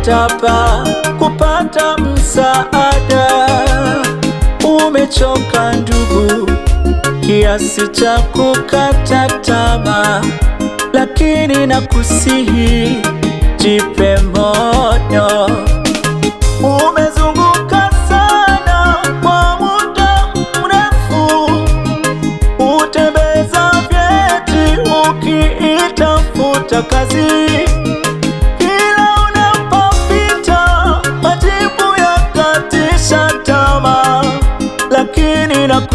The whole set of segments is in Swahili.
kutapa kupata msaada. Umechoka ndugu, kiasi cha kukata tamaa, lakini nakusihi jipe moyo.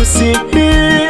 se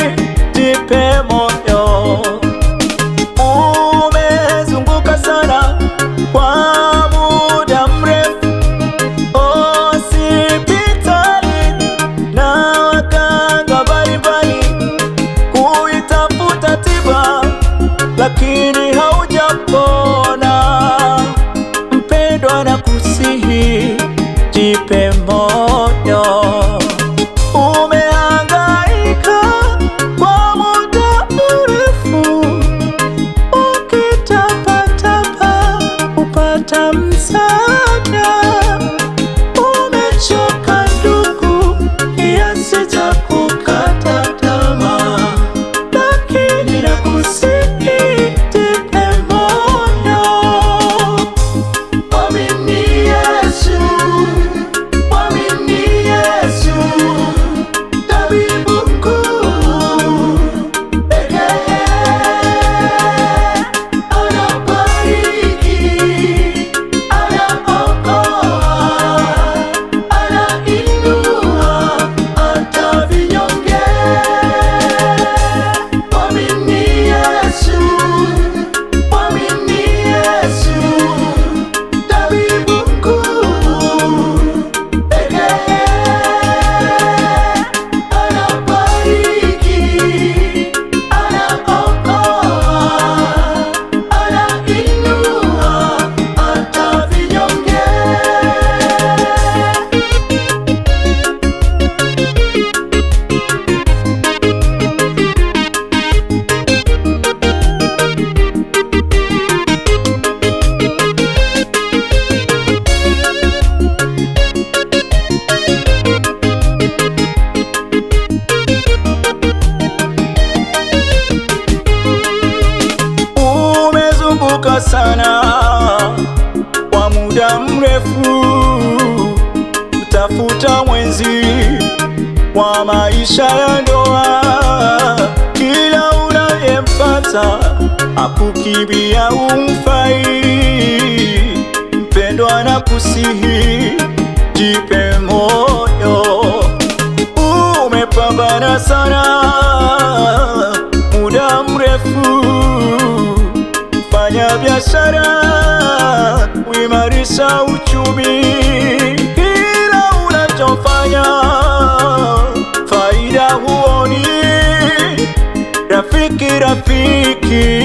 kupita mwenzi wa maisha ya ndoa. Kila unayempata akukimbia umfai, mpendwa na jipe moyo, umepambana sana muda mrefu, fanya biashara, uimarisha uchumi tira pique